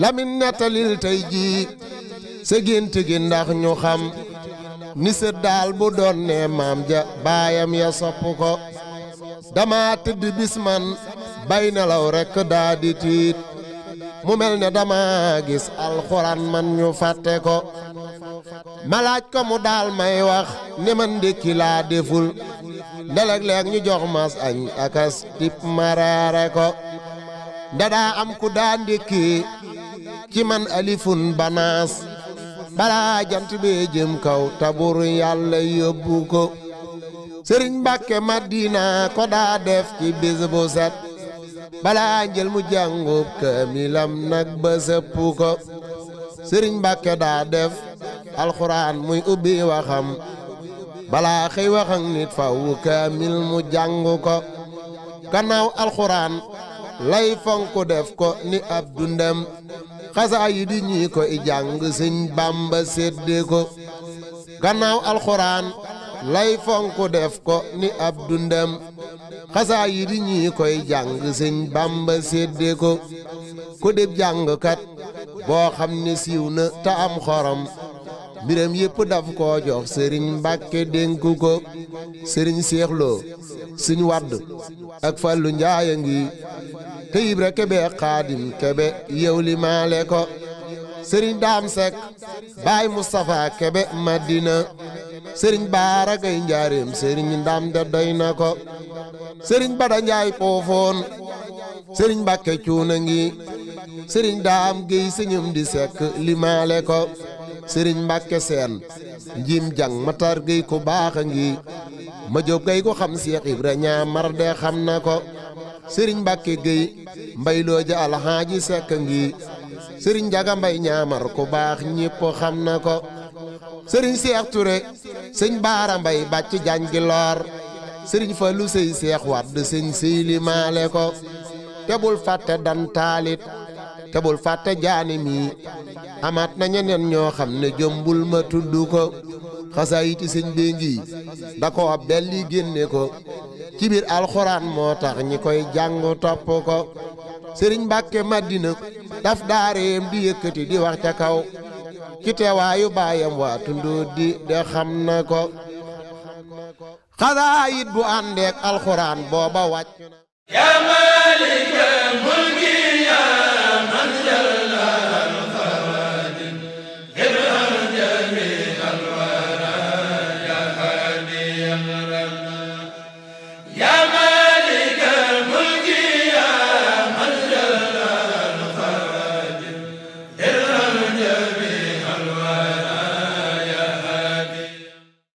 lamin nettalil tey jii sa gént gi ndax ñu xam ni sët daal bu doon ne maam ja baayam ya sopp ko dama tëdd bis man bay nelaw rekk daa di tiit mu mel ne dama gis alxuraan man ñu fàtte ko ma laaj ko mu daal may wax ne man ndékki laa deful ndeleg-leeg ñu jox mas añ akas tip maraare ko ndadaa am ku daa ndékki ci man alifun banaas balaa jant bee jëm kaw tabur yàlla yóbbu ko sëriñ mbàkke madina ko daa def ci bis bu balaa njël mu jàngub kaamilam nag ba ko sëriñ mbàkke daa def alxuraan muy ubbi waxam balaa xëy waxam nit faw kaamil mu jàng ko gannaaw alxuraan lay fonku def ko ni ab dundam xasaayid yi ñii ko i jàng sëñ bàmba sédde ko gannaaw alxuraan lay fonk def ko ni ab dundam xasaa yi ñii koy jàng sëñ bàmba sédde ko ku dib jàngkat boo xam ne siiw na te am xorom mbiram yépp daf koo jox sëriñ mbàkke dénku ko sëriñ seexloo sëñ wadd ak fallu njaay a ngi te Ibra Kebe Xaadim Kebe yow li maale ko sëriñ Daam Sekk Baay Moustapha Kebe Madina sëriñ Baara Gay Njaareem sëriñ Ndam de doy na ko sëriñ Bada Njaay Poofoon sëriñ Mbàkke Cuuna ngi sëriñ Daam Gay sëñëm di Sekk li ko sëriñ Mbàkke Seen Njiim Jang Matar Gay ku baax ngi ma jóob gay ko xam Seex Ibra ñaa xam na ko sëriñ Mbàkke Géy mbay looja alxaaji sekk ngi sëriñ Njaga mbay ñaamar ku baax ñépp xam na ko sëriñ Seex Ture sëñ Baara mbay bàcc jaañ gi loor sëriñ lu sëy Seex Wàdd sëñ Seyli maale ko tebul fàtte dan taalit tebul fàtte jaani mi amaat na ñeneen ñoo xam ne jëmbul ma tudd ko xasaayiti sëñ bee ngi da ko belli génne ko ci biir alxuraan moo tax ñi koy jàng topp ko sëriñ Mbàkke Madina daf daareem di yëkkati di wax ca kaw ci teewaayu baayam waa tundóo di de xam na ko xasaayit bu àndeek alxuraan booba wàcc na